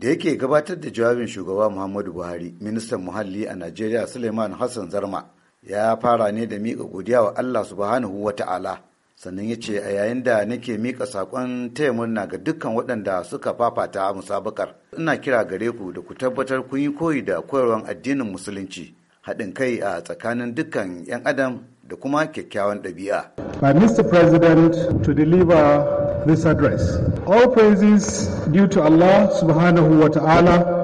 da yake gabatar da jawabin shugaba muhammadu buhari ministan muhalli a najeriya suleiman hassan zarma ya fara ne da miƙa godiya wa allah subhanahu Wata'ala, sannan ya ce a yayin da nake miƙa saƙon taya murna ga dukkan waɗanda suka fafata a musabakar ina kira gare ku da ku tabbatar kun yi koyi da koyarwar addinin musulunci haɗin kai a tsakanin dukkan 'yan adam da kuma kyakkyawan ɗabi'a. By Mr. President, to deliver this address. All praises due to Allah subhanahu wa ta'ala.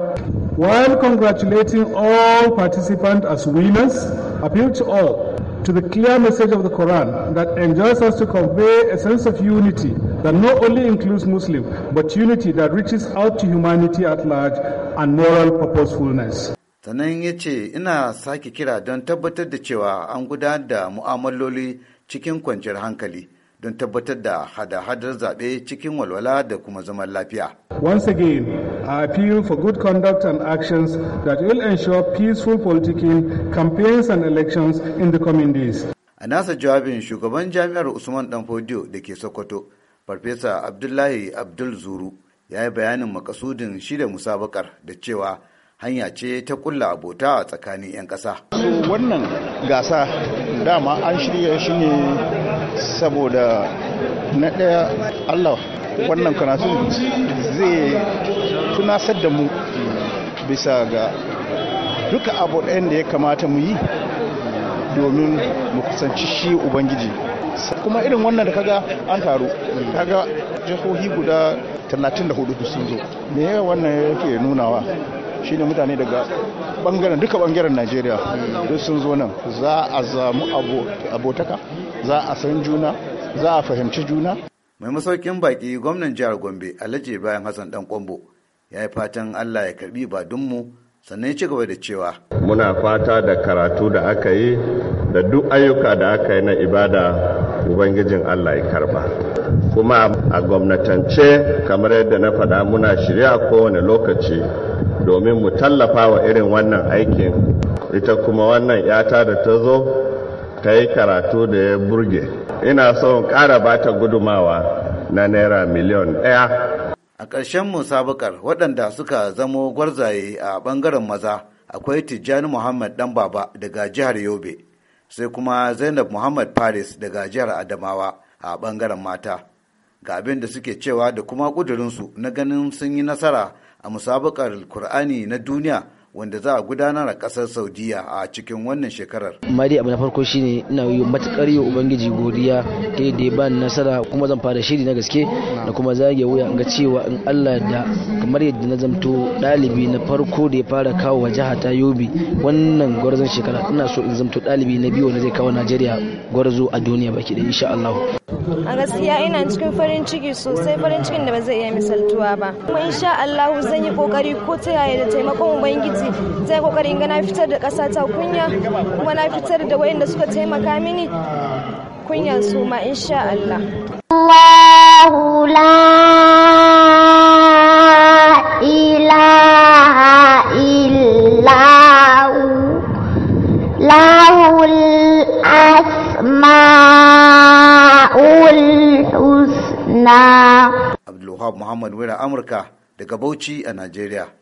While congratulating all participants as winners, appeal to all to the clear message of the Quran that enjoins us to convey a sense of unity that not only includes Muslim, but unity that reaches out to humanity at large and moral purposefulness. sannan ya ce ina sake kira don tabbatar da cewa an gudanar da mu'amaloli cikin kwanciyar hankali don tabbatar da hada-hadar zaɓe cikin walwala da kuma zaman lafiya. Once again, I appeal for good conduct and actions that will ensure peaceful political campaigns and elections in the coming days. A nasa jawabin shugaban jami'ar Usman Danfodio da ke Sokoto, Farfesa Abdullahi Abdul Zuru ya yi bayanin makasudin shida musabakar da cewa hanya ce ta kulla abota a tsakanin 'yan ƙasa. Wannan gasa dama an shirya shi ne saboda na ɗaya allah wannan karatu zai tunasar da mu bisa ga duka abu ɗayan da ya kamata mu yi domin mu kusanci shi ubangiji kuma irin wannan da kaga an taru kaga jihohi guda 34 sun zo me yawa wannan yake nunawa shine mutane daga bangaren duka bangaren najeriya duk sun zo nan za a zamu abotaka za a san juna za a fahimci juna mai masaukin baki gwamnan jihar gombe alhaji bayan hassan dan kwambo ya yi fatan allah ya karbi badunmu sannan ya ci gaba da cewa muna fata da karatu da aka yi da duk ayyuka da aka yi na ibada ubangijin allah ya karba kuma a gwamnatance kamar yadda na faɗa muna shirya kowane lokaci domin mu tallafa wa irin wannan aikin ita kuma wannan yata da ta zo ta yi karatu da ya burge ina son ƙara bata gudumawa na naira miliyan ɗaya a ƙarshen musabakar waɗanda suka zamo gwarzaye a ɓangaren maza akwai tijjani muhammad dan baba daga jihar yobe sai kuma zainab muhammad paris daga jihar adamawa a ɓangaren mata ga abin da suke cewa da kuma ƙudurinsu na ganin sun yi nasara a musabakar kur'ani na duniya wanda za a gudanar a kasar saudiya a cikin wannan shekarar Mari abu na farko shine ina yi matukar yi ubangiji godiya da ya ba nasara kuma zan fara shiri na gaske da kuma zage wuya ga cewa in allah da kamar yadda na zamto dalibi na farko da ya fara kawo wa jihar ta yobe wannan gwarzon shekara ina so in zamto dalibi na biyu wanda zai kawo najeriya gwarzo a duniya baki da insha Allah. a gaskiya ina cikin farin ciki sosai farin cikin da ba zai iya misaltuwa ba kuma insha Allah zan yi kokari ko ta yaya da taimakon ubangiji gwamnati zai kokarin ga na fitar da kasa ta kunya kuma na fitar da da suka taimaka mini kunya su ma insha Allah Allahu la ilaha illa lahul asmaul husna Abdulwahab Muhammad Wira Amurka daga Bauchi a Najeriya